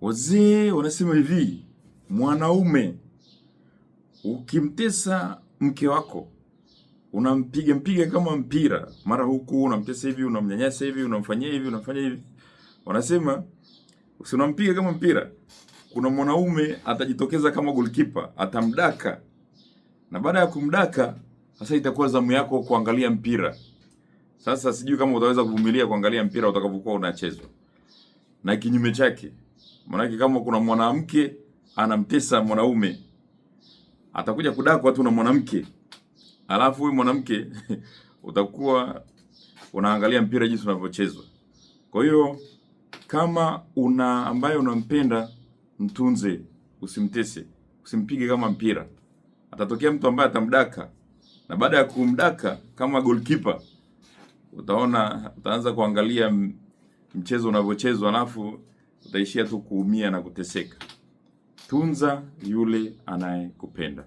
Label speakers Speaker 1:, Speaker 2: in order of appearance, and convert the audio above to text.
Speaker 1: Wazee wanasema hivi, mwanaume ukimtesa mke wako unampiga mpiga kama mpira, mara huku unamtesa hivi, unamnyanyasa hivi, unamfanyia hivi, unamfanyia hivi. Wanasema usinampiga kama mpira, kuna mwanaume atajitokeza kama goalkeeper, atamdaka, na baada ya kumdaka sasa itakuwa zamu yako kuangalia mpira. Sasa sijui kama utaweza kuvumilia kuangalia mpira utakapokuwa unachezwa, na kinyume chake Maanake kama kuna mwanamke anamtesa mwanaume atakuja kudakwa watu na mwanamke, alafu huyu mwanamke utakuwa unaangalia mpira jinsi unavyochezwa. Kwa hiyo kama una ambaye unampenda mtunze, usimtese, usimpige kama mpira. Atatokea mtu ambaye atamdaka, na baada ya kumdaka kama goalkeeper, utaona utaanza kuangalia mchezo unavyochezwa alafu utaishia tu kuumia na kuteseka. Tunza yule anayekupenda.